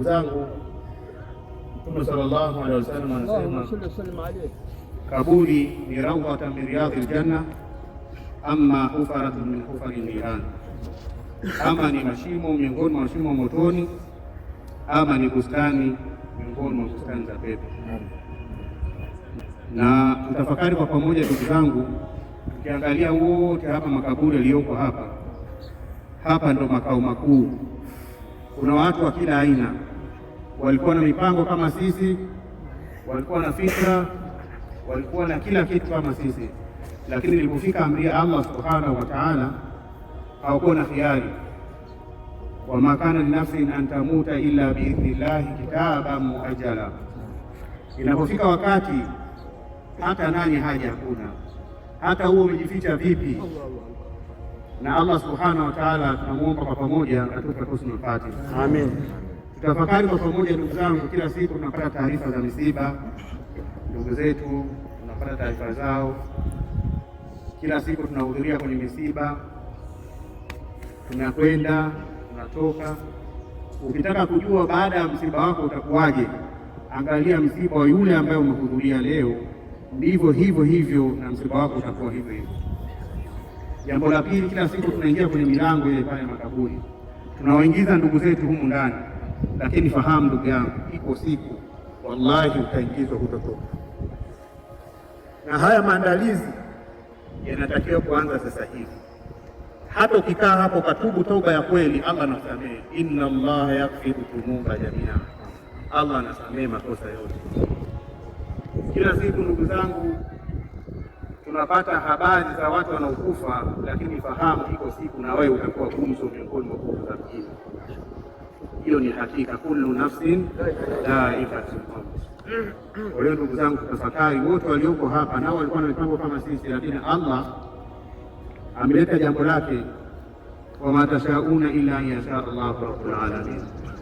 Ndugu zangu, Mtume sallallahu alaihi wasallam anasema kaburi ni rawhatan min riyadhil janna, amma hufaratun min hufari niran, ama ni mashimo miongoni mwa mashimo motoni, ama ni bustani miongoni mwa bustani za pepo. Na tutafakari kwa pamoja, ndugu zangu, tukiangalia wote hapa makaburi yaliyoko hapa hapa, ndo makao makuu kuna watu wa kila aina, walikuwa na mipango kama sisi, walikuwa na fikra, walikuwa na kila kitu kama sisi, lakini ilipofika amri ya Allah subhanahu wa ta'ala, hawakuwa na khiari. Wama kana linafsin an tamuta illa biidhnillahi kitaba muajala. Inapofika wakati hata nani haja hakuna, hata huo umejificha vipi na Allah subhanahu wa ta'ala, tunamwomba kwa pamoja atupe husnul khatima. Amin. Tutafakari kwa pamoja, ndugu zangu, kila siku tunapata taarifa za misiba, ndugu zetu tunapata taarifa zao, kila siku tunahudhuria kwenye misiba, tunakwenda tunatoka. Ukitaka kujua baada ya msiba wako utakuwaje, angalia msiba wa yule ambaye umehudhuria leo, ndivyo hivyo hivyo na msiba wako utakuwa hivyo hivyo. Jambo la pili, kila siku tunaingia kwenye milango ile pale makaburi, tunawaingiza ndugu zetu humu ndani, lakini fahamu ndugu yangu, iko siku wallahi utaingizwa, hutotoka. Na haya maandalizi yanatakiwa kuanza sasa hivi. Hata ukikaa hapo katubu toba ya kweli, Allah anasamehe, Inna Allah yaghfiru dhunuba jamia, Allah anasamehe makosa yote. Kila siku ndugu zangu tunapata habari za watu wanaokufa, lakini fahamu, iko siku na wewe utakuwa gumzo miongoni mwa nguvu za mjini. Hiyo ni hakika, kullu nafsin dha'iqatul maut. Kwa hiyo ndugu zangu, tafakari. Wote walioko hapa nao walikuwa na mipango kama sisi, lakini Allah ameleta jambo lake, wama tashauna illa an yasha Allahu rabbul alamin.